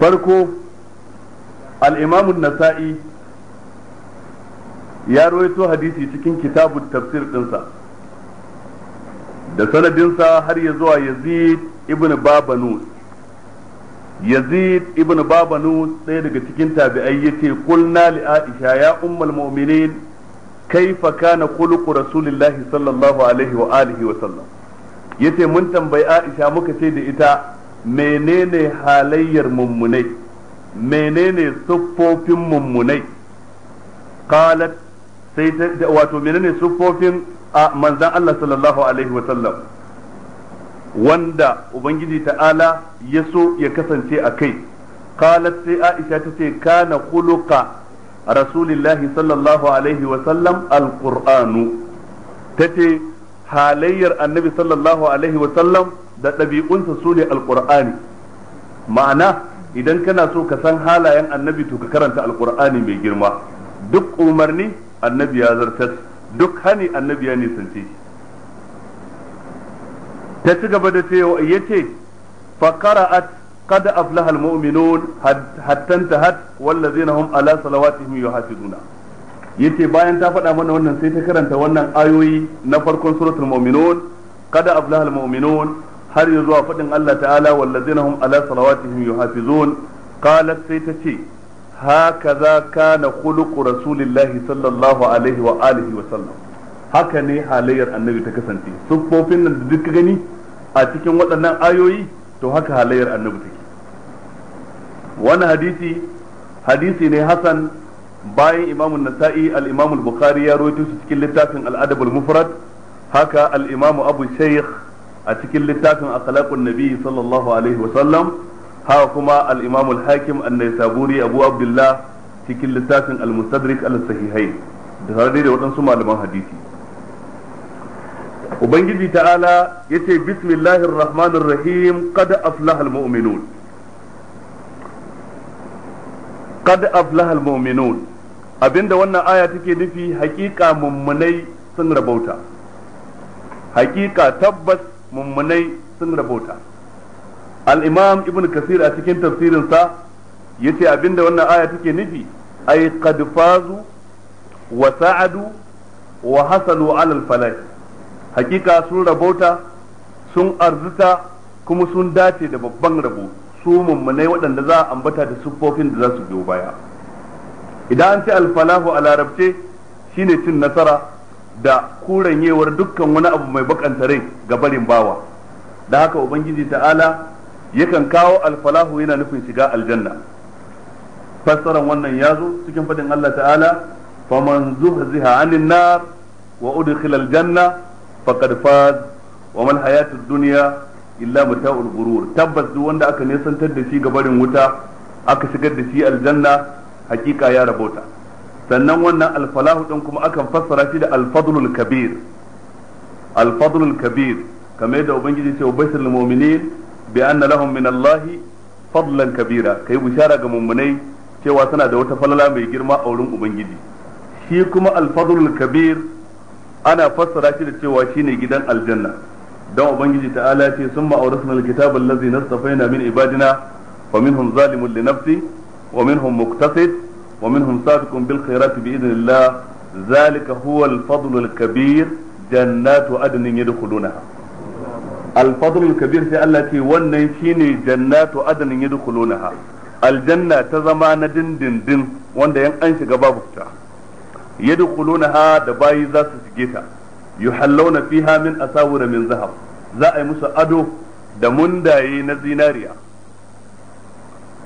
farko al'imamun nasa'i ya rawaito hadisi cikin kitabun tafsir ɗinsa da sanadinsa har ya zuwa yazid ibn babanus yazid ibn babanus ɗaya daga cikin tabi'ai ya ce kulna li aisha ya ummal mu'minin kaifa kana khuluqu rasulillahi sallallahu alaihi wa alihi wa sallam yace mun tambayi aisha muka ce da ita menene halayyar mummunai menene siffofin mummunai qalat sai wato menene siffofin a manzan Allah sallallahu alaihi wa sallam wanda ubangiji ta'ala ya so ya kasance a kai qalat sai Aisha ta ce kana khuluqa rasulillahi sallallahu alaihi wa sallam alqur'anu tace halayyar annabi sallallahu alaihi wasallam da ɗabi'unsa su ne alƙur'ani ma'ana idan kana so ka san halayen annabi to ka karanta alƙur'ani mai girma duk umarni annabi ya zartar duk hani annabi ya nisance ta ci gaba da cewa ya ce fakara'at قد أفلح المؤمنون حتى انتهت والذين hum على صلواتهم يحافظون yace bayan ta faɗa mana wannan sai ta karanta wannan ayoyi na farkon suratul mu'minun kada aflahal mu'minun har ya zuwa faɗin Allah ta'ala wallazina hum ala salawatihim yuhafizun qalat sai ta ce hakaza kana khuluqu rasulillahi sallallahu alaihi wa alihi wa sallam haka ne halayyar annabi ta kasance siffofin nan da duk gani a cikin waɗannan ayoyi to haka halayyar annabi take wannan hadisi hadisi ne hasan bayan imamu nasa'i al-imamu bukhari ya rawaito shi cikin littafin al-adab al-mufrad haka al-imamu abu shaykh a cikin littafin akhlaqun nabi sallallahu alaihi wa sallam haka kuma al-imamu al-hakim an-naisaburi abu abdullah cikin littafin al-mustadrik al-sahihain da tare da waɗansu malaman hadisi ubangiji ta'ala yace bismillahir rahmanir rahim qad aflaha al-mu'minun قد أفلح المؤمنون abinda wannan aya take nufi hakika mummunai sun rabauta hakika tabbas mummunai sun rabauta al-imam ibn kasir a cikin tafsirinsa yace abinda wannan aya take nufi ay qad fazu wa sa'adu wa hasalu ala al-falah hakika sun rabauta sun arzuta kuma sun dace da babban rabo su mummunai waɗanda za a ambata da siffofin da za su biyo baya idan an ce alfalahu a larabce shine cin nasara da kuranyewar dukkan wani abu mai bakanta rai ga barin bawa da haka ubangiji ta'ala yakan kawo alfalahu yana nufin shiga aljanna fassaran wannan ya zo cikin fadin Allah ta'ala faman zuhziha anin nar wa udkhila aljanna faqad faz wa mal hayatud dunya illa mata'ul ghurur tabbas duk wanda aka nesantar da shi ga barin wuta aka shigar da shi aljanna hakika ya rabota sannan wannan alfalahu din kuma akan fassara shi da alfadlul kabir alfadlul kabir kama yadda ubangiji ce ubashir mu'minin bi anna lahum min Allah fadlan kabira kai bishara ga mummunai cewa suna da wata falala mai girma a wurin ubangiji shi kuma alfadlul kabir ana fassara shi da cewa shine gidan aljanna dan ubangiji ta'ala ce summa awrasna alkitaba allazi nastafaina min ibadina faminhum zalimun li nafsihi ومنهم مقتصد ومنهم سابق بالخيرات بإذن الله ذلك هو الفضل الكبير جنات عدن يدخلونها الفضل الكبير في التي wannan shine jannatu adnin yadkhulunaha aljanna ta zama na dindindin wanda yan an shiga babu fita yadkhulunaha da bayi za su shige ta yuhallawna fiha min asawira min zahab za a yi musu ado da mundaye na zinariya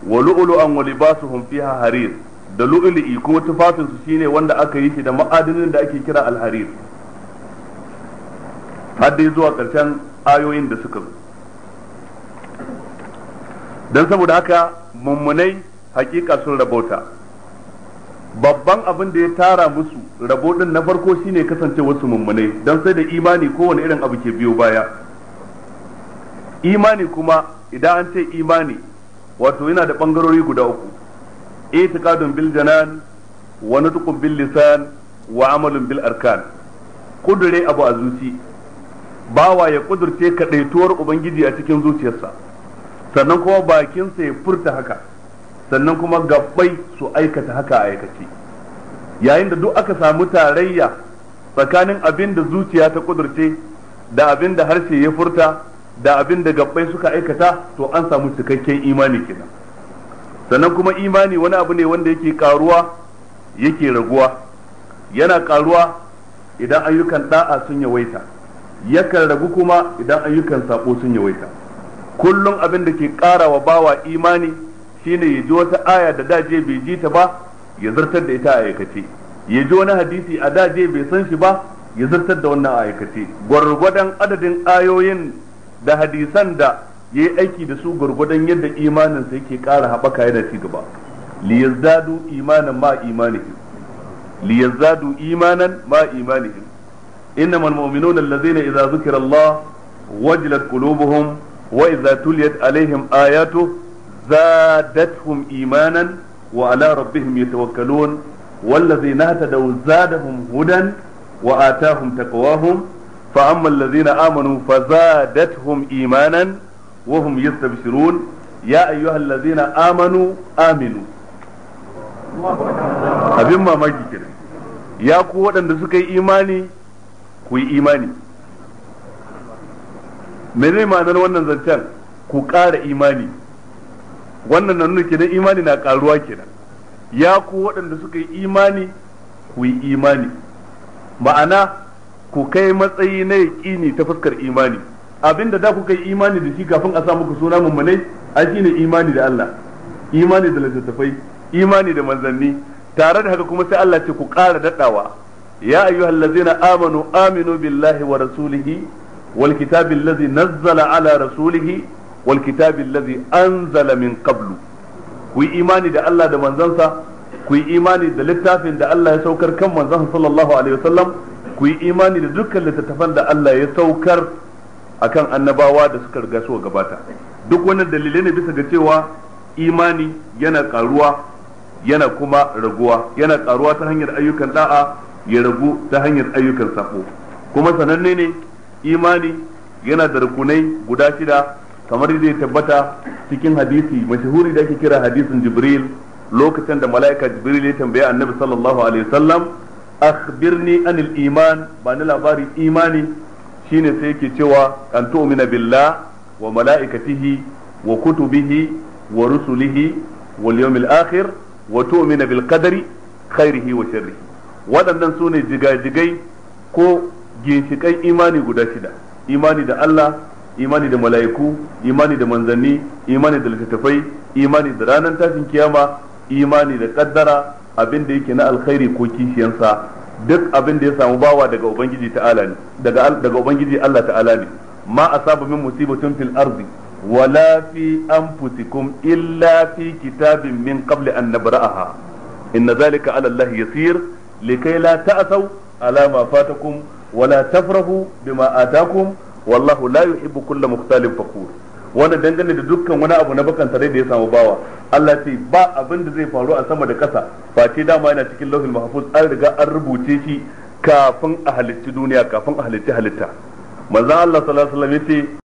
wa lu'lu'an wa libasuhum fiha harir da lu'lu'i kuma tufafin su shine wanda aka yi shi da ma'adinin da ake kira al-harir har dai zuwa karshen ayoyin da suka zo Don saboda haka mummunai hakika sun rabota. babban abin da ya tara musu rabo din na farko shine kasance wasu mummunai don sai da imani kowane irin abu ke biyo baya imani kuma idan an ce imani wato yana da bangarori guda uku itiqadun bil janan wa nutqun bil lisan wa amalun bil arkan kudure abu a zuci bawa ya kudurce kadaituwar ubangiji a cikin zuciyarsa sannan kuma bakinsa ya furta haka sannan kuma gabbai su aikata haka a aikace yayin da duk aka samu tarayya tsakanin abin da zuciya ta kudurce da abin da harshe ya furta da abin da gabbai suka aikata to an samu cikakken imani kenan sannan kuma imani wani abu ne wanda yake karuwa yake raguwa yana karuwa idan ayyukan da'a sun yawaita yakan ragu kuma idan ayyukan sako sun yawaita kullum abin da ke kara wa bawa imani shine ya ji wata aya da daje bai ji ta ba ya zartar da ita a aikace ya ji wani hadisi a daje bai san shi ba ya zartar da wannan aikace gwargwadon adadin ayoyin da hadisan da yayi aiki da su gwargwadon yadda imaninsa yake ƙara haɓaka yana ci gaba li yazdadu imanan ma imanihim li yazdadu imanan ma imanihim innamal mu'minuna allazina idza zukira Allah wajilat qulubuhum wa idza tuliyat alaihim ayatu zadatuhum imanan wa ala rabbihim yatawakkalun والذين zadahum hudan wa atahum تقواهم fa amma allazina amanu fa zadatuhum imanan wa hum yastabshirun ya ayyuhal ladzina amanu aminu abin mamaki kenan ya ku waɗanda suka yi imani ku yi imani menene ma'anar wannan zancen ku ƙara imani wannan nan nuna kenan imani na ƙaruwa kenan ya ku waɗanda suka yi imani ku yi imani ma'ana ku kai matsayi na yaƙini ta fuskar imani abinda da ku kai imani da shi kafin a samu muku suna mummunai ai shine imani da Allah imani da littattafai imani da manzanni tare da haka kuma sai Allah ce ku ƙara daɗawa ya ayyuhallazina amanu aminu billahi wa rasulihi wal kitabil ladzi nazzala ala rasulihi wal kitabil ladzi anzala min qablu ku yi imani da Allah da manzansa ku yi imani da littafin da Allah ya saukar kan manzansa sallallahu alaihi wasallam ku yi imani da dukkan littattafan da Allah ya saukar a kan annabawa da suka riga su gabata duk wannan dalilai ne bisa ga cewa imani yana karuwa yana kuma raguwa yana karuwa ta hanyar ayyukan da'a ya ragu ta hanyar ayyukan sako kuma sananne ne imani yana da rukunai guda shida kamar yadda ya tabbata cikin hadisi mashahuri da ake kira hadisin jibril lokacin da mala'ika jibril ya tambaya annabi sallallahu alaihi wasallam akhbirni anil iman ba ni labarin imani shine sai yake cewa an tu'mina billah wa mala'ikatihi wa kutubihi wa rusulihi wal yawmil akhir wa tu'mina bil qadari khairihi wa sharrihi waɗannan sune ne jigajigai ko ginshiƙan imani guda shida imani da Allah imani da mala'iku imani da manzanni imani da littattafai imani da ranar tashin kiyama imani da kaddara abin da yake na alkhairi ko kishiyansa duk abin da ya samu bawa daga ubangiji ta'ala ne daga daga ubangiji Allah ta'ala ne ma asaba min musibatin fil ardi wala fi anfusikum illa fi kitabin min qabli an nabra'aha inna zalika ala Allah yasir likay la ta'saw ala ma fatakum wala tafrahu bima atakum wallahu la yuhibbu kulla mukhtalin fakhur wanda dangane da dukkan wani abu na bakan tare da ya samu bawa Allah ce ba abin da zai faru a sama da ƙasa face dama yana cikin lauhin mahfuz an riga an rubuce shi kafin a halitta duniya kafin a halitta halitta manzon Allah sallallahu alaihi wasallam yace